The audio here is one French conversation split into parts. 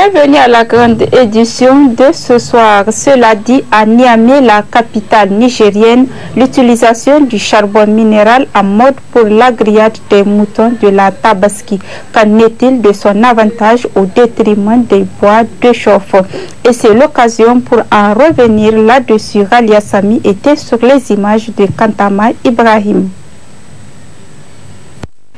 Bienvenue à la grande édition de ce soir. Cela dit, à Niamey, la capitale nigérienne, l'utilisation du charbon minéral en mode pour l'agriade des moutons de la Tabaski. Qu'en est-il de son avantage au détriment des bois de chauffe Et c'est l'occasion pour en revenir là-dessus. Ralia Sami était sur les images de Kantama Ibrahim.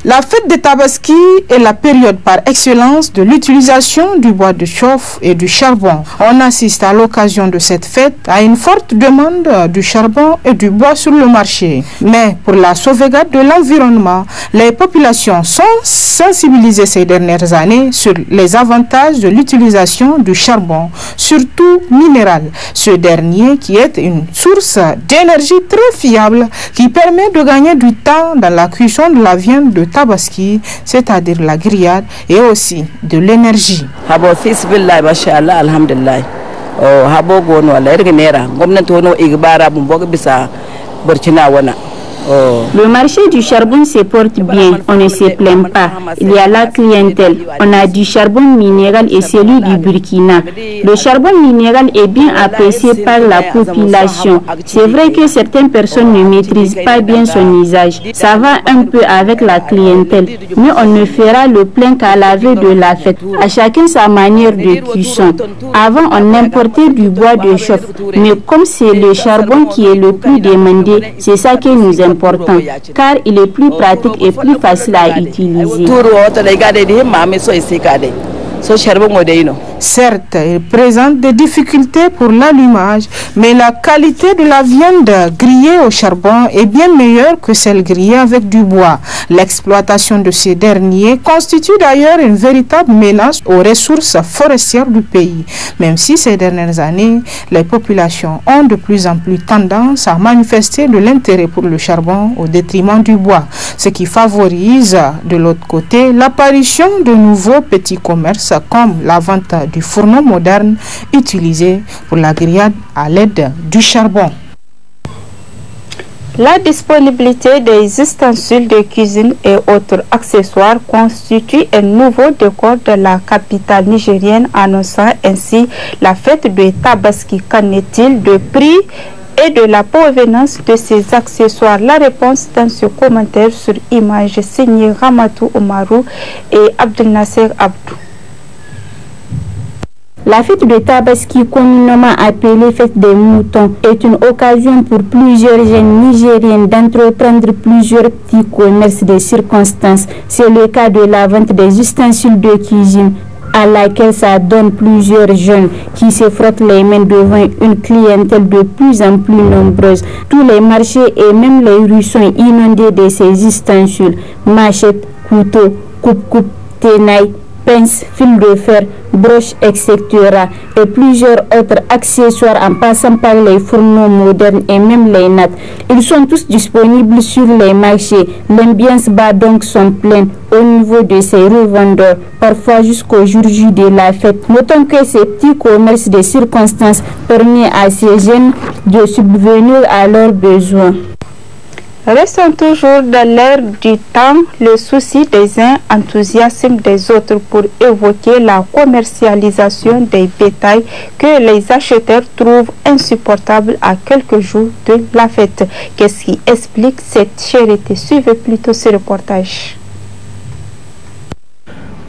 La fête des Tabaski est la période par excellence de l'utilisation du bois de chauffe et du charbon. On assiste à l'occasion de cette fête à une forte demande du charbon et du bois sur le marché. Mais pour la sauvegarde de l'environnement, les populations sont sensibilisées ces dernières années sur les avantages de l'utilisation du charbon, surtout minéral. Ce dernier qui est une source d'énergie très fiable qui permet de gagner du temps dans la cuisson de la viande de tabaski, c'est-à-dire la grillade, et aussi de l'énergie. Habo fils billahi mashallah alhamdulillah. Oh habo gono la ergnera. Gomna tono igbara bumbog bisa burkina wana. Oh. Le marché du charbon se porte bien, on ne se plaint pas. Il y a la clientèle. On a du charbon minéral et celui du Burkina. Le charbon minéral est bien apprécié par la population. C'est vrai que certaines personnes ne maîtrisent pas bien son usage. Ça va un peu avec la clientèle, mais on ne fera le plein qu'à la veille de la fête. À chacun sa manière de cuisson. Avant, on importait du bois de chauffe, mais comme c'est le charbon qui est le plus demandé, c'est ça que nous aimons car il est plus pratique et plus facile à utiliser. Certes, il présente des difficultés pour l'allumage, mais la qualité de la viande grillée au charbon est bien meilleure que celle grillée avec du bois. L'exploitation de ces derniers constitue d'ailleurs une véritable menace aux ressources forestières du pays, même si ces dernières années, les populations ont de plus en plus tendance à manifester de l'intérêt pour le charbon au détriment du bois, ce qui favorise de l'autre côté l'apparition de nouveaux petits commerces comme la vente des fourneau modernes utilisé pour la grillade à l'aide du charbon. La disponibilité des ustensiles de cuisine et autres accessoires constitue un nouveau décor de la capitale nigérienne, annonçant ainsi la fête de Tabaski. Qu'en est-il de prix et de la provenance de ces accessoires La réponse dans ce commentaire sur image signé Ramatou Omarou et Abdel Nasser Abdou. La fête de Tabaski, communément appelée fête des moutons, est une occasion pour plusieurs jeunes nigériens d'entreprendre plusieurs petits commerces des circonstances. C'est le cas de la vente des ustensiles de cuisine, à laquelle ça donne plusieurs jeunes qui se frottent les mains devant une clientèle de plus en plus nombreuse. Tous les marchés et même les rues sont inondés de ces ustensiles, machettes, couteaux, coupe-coupe, tenailles, pinces, fil de fer, broches, etc. et plusieurs autres accessoires en passant par les fourneaux modernes et même les nattes. Ils sont tous disponibles sur les marchés. L'ambiance bat donc son plein au niveau de ces revendeurs, parfois jusqu'au jour J de la fête. Notons que ces petits commerces de circonstances permettent à ces jeunes de subvenir à leurs besoins. Restons toujours dans l'air du temps le souci des uns, enthousiasme des autres pour évoquer la commercialisation des bétails que les acheteurs trouvent insupportable à quelques jours de la fête. Qu'est-ce qui explique cette charité Suivez plutôt ce reportage.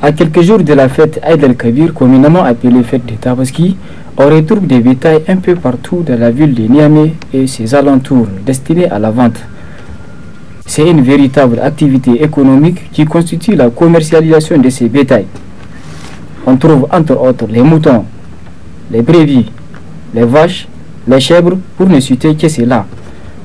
À quelques jours de la fête Aïd al-Kabir, communément appelée fête de Tabaski, on retrouve des bétails un peu partout dans la ville de Niamey et ses alentours destinés à la vente. C'est une véritable activité économique qui constitue la commercialisation de ces bétails. On trouve entre autres les moutons, les brebis, les vaches, les chèvres, pour ne citer que cela,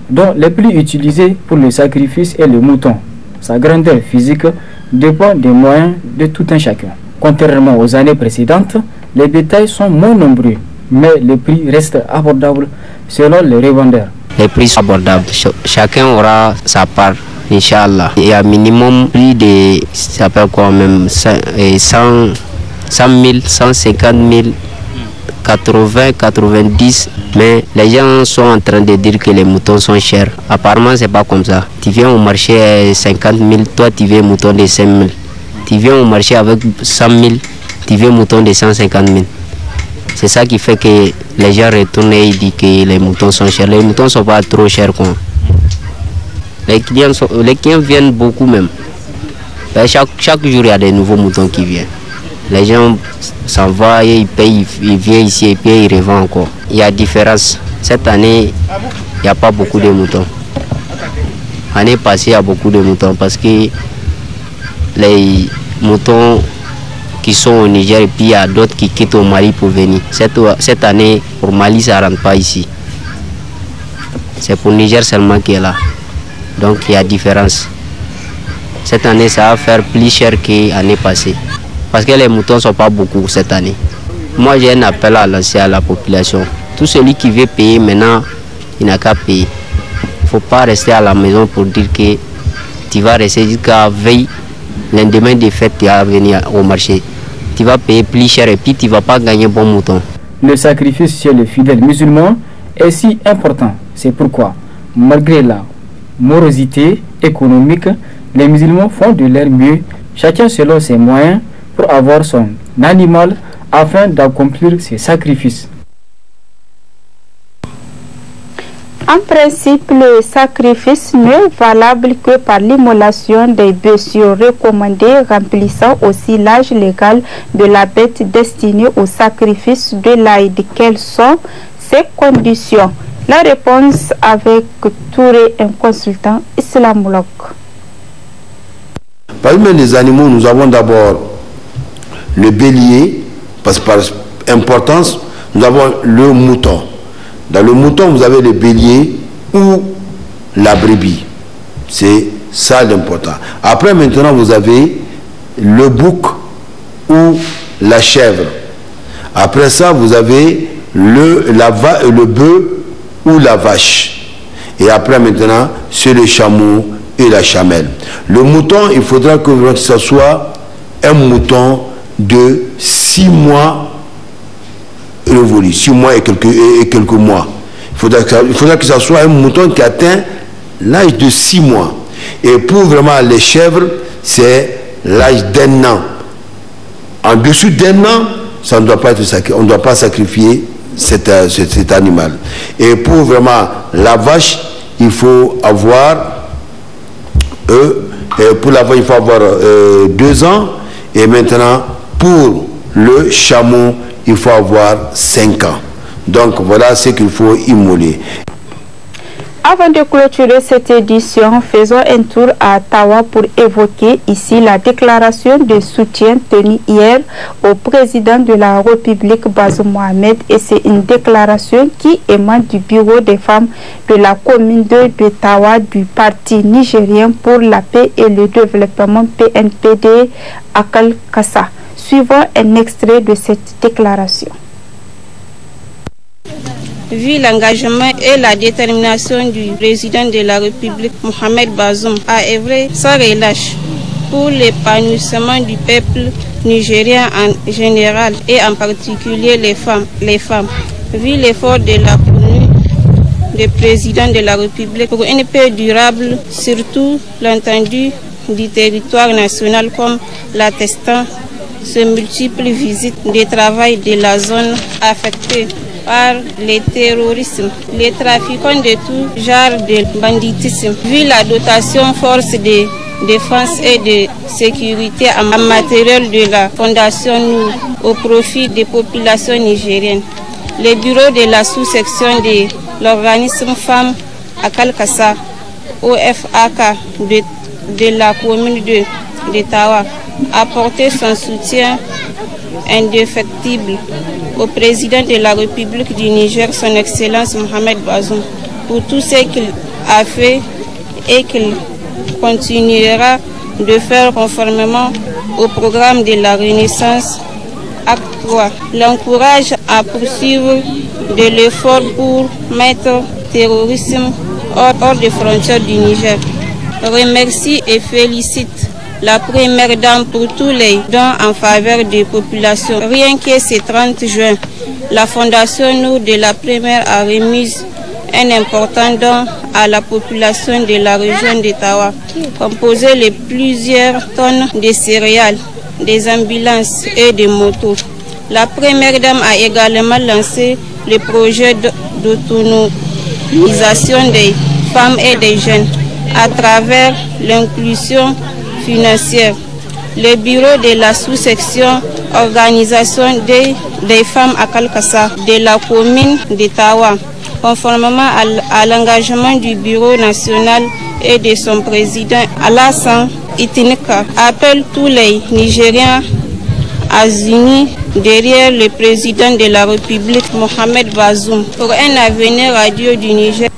dont les plus utilisés pour le sacrifice est le mouton. Sa grandeur physique dépend des moyens de tout un chacun. Contrairement aux années précédentes, les bétails sont moins nombreux, mais le prix reste abordable selon les revendeurs les prix sont abordables. chacun aura sa part. Inch'Allah. Il y a minimum prix de, ça s'appelle quoi même, 100, 000, 150 000, 80, 90. Mais les gens sont en train de dire que les moutons sont chers. Apparemment, ce n'est pas comme ça. Tu viens au marché 50 eh, 000, toi tu veux un mouton de 5 000. Tu viens au marché avec 100 000, tu veux un mouton de 150 000. C'est ça qui fait que les gens retournent et ils disent que les moutons sont chers. Les moutons ne sont pas trop chers. Quoi. Les, clients les clients viennent beaucoup même. Ben, chaque, jour, il y a des nouveaux moutons qui viennent. Les gens s'en vont et ils payent, ils, viennent ici et puis ils revendent encore. Il y a différence. Cette année, il n'y a pas beaucoup de moutons. L'année passée, il y a beaucoup de moutons parce que les moutons qui sont au Niger et puis il y a d'autres qui quittent au Mali pour venir. Cette, année, pour Mali, ça ne rentre pas ici. C'est pour Niger seulement qui est là. Donc il y a différence. Cette année, ça va faire plus cher qu'année passée. Parce que les moutons ne sont pas beaucoup cette année. Moi, j'ai un appel à lancer à la population. Tout celui qui veut payer maintenant, il n'a qu'à payer. Il ne faut pas rester à la maison pour dire que tu vas rester jusqu'à veille, lendemain des fêtes, tu vas venir au marché tu payer plus cher et puis tu vas pas gagner bon mouton. Le sacrifice chez les fidèles musulmans est si important. C'est pourquoi, malgré la morosité économique, les musulmans font de leur mieux, chacun selon ses moyens, pour avoir son animal afin d'accomplir ses sacrifices. En principe, le sacrifice n'est valable que par l'immolation des blessures recommandées remplissant aussi l'âge légal de la bête destinée au sacrifice de l'aide. Quelles sont ces conditions La réponse avec Touré, un consultant islamologue. Parmi les animaux, nous avons d'abord le bélier, parce par importance, nous avons le mouton. Dans le mouton, vous avez le bélier ou la brebis. C'est ça l'important. Après, maintenant, vous avez le bouc ou la chèvre. Après ça, vous avez le, la, le bœuf ou la vache. Et après, maintenant, c'est le chameau et la chamelle. Le mouton, il faudra que ce soit un mouton de 6 mois 6 mois et quelques, quelques mois. Il faudra, que ce il faudra que ça soit un mouton qui atteint l'âge de six mois. Et pour vraiment les chèvres, c'est l'âge d'un an. En dessous d'un an, ça ne doit pas être on ne doit pas sacrifier euh, cet, cet, animal. Et pour vraiment la vache, il faut avoir, euh, euh pour la vache, il faut avoir euh, deux ans. Et maintenant, pour le chameau, il faut avoir 5 ans. Donc voilà ce qu'il faut immoler. Avant de clôturer cette édition, faisons un tour à Tawa pour évoquer ici la déclaration de soutien tenue hier au président de la République, Bazoum Mohamed. Et c'est une déclaration qui émane du bureau des femmes de la commune de Tawa du Parti nigérien pour la paix et le développement PNPD, à Kalkassa. Suivons un extrait de cette déclaration. Vu l'engagement et la détermination du président de la République, Mohamed Bazoum, à œuvrer sans relâche pour l'épanouissement du peuple nigérien en général et en particulier les femmes. Les femmes. Vu l'effort de la de du président de la République pour une paix durable, surtout l'entendu du territoire national comme l'attestant se multiples visites de travail de la zone affectée par le terrorisme, les trafiquants de tout genre de banditisme. Vu la dotation force de défense et de sécurité en matériel de la Fondation au profit des populations nigériennes, le bureau de la sous-section de l'organisme Femmes à Calcassa, OFAK, de, la commune de Tawa, apporter son soutien indéfectible au président de la République du Niger, son Excellence Mohamed Bazoum, pour tout ce qu'il a fait et qu'il continuera de faire conformément au programme de la Renaissance Act 3. L'encourage à poursuivre de l'effort pour mettre le terrorisme hors, hors des frontières du Niger. Remercie et félicite la première dame pour tous les dons en faveur des populations. Rien que ce 30 juin, la Fondation Nous de la Première a remis un important don à la population de la région d'Ottawa, composé de plusieurs tonnes de céréales, des ambulances et des motos. La première dame a également lancé le projet d'autonomisation des femmes et des jeunes à travers l'inclusion financière. Le bureau de la sous-section Organisation des, des femmes à Kalkasa de la commune d'Etawa, conformément à l'engagement du bureau national et de son président Alassane Itinika, appelle tous les Nigériens à unir derrière le président de la République Mohamed Bazoum pour un avenir Radio du Niger.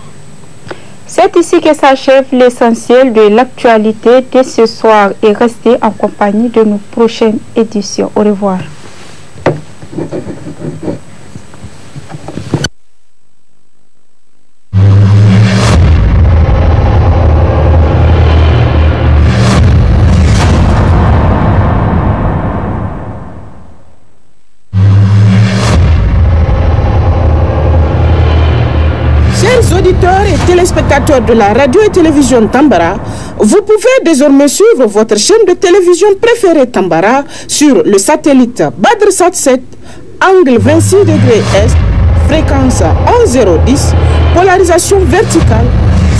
C'est ici que s'achève l'essentiel de l'actualité de ce soir et restez en compagnie de nos prochaines éditions. Au revoir. Chers auditeurs et téléspectateurs de la radio et télévision Tambara, vous pouvez désormais suivre votre chaîne de télévision préférée Tambara sur le satellite BadrSat 7, angle 26 degrés Est, fréquence 1,010, polarisation verticale,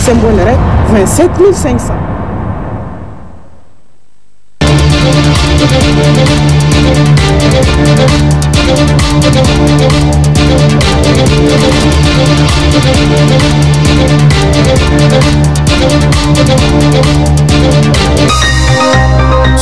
symbole REC 27500.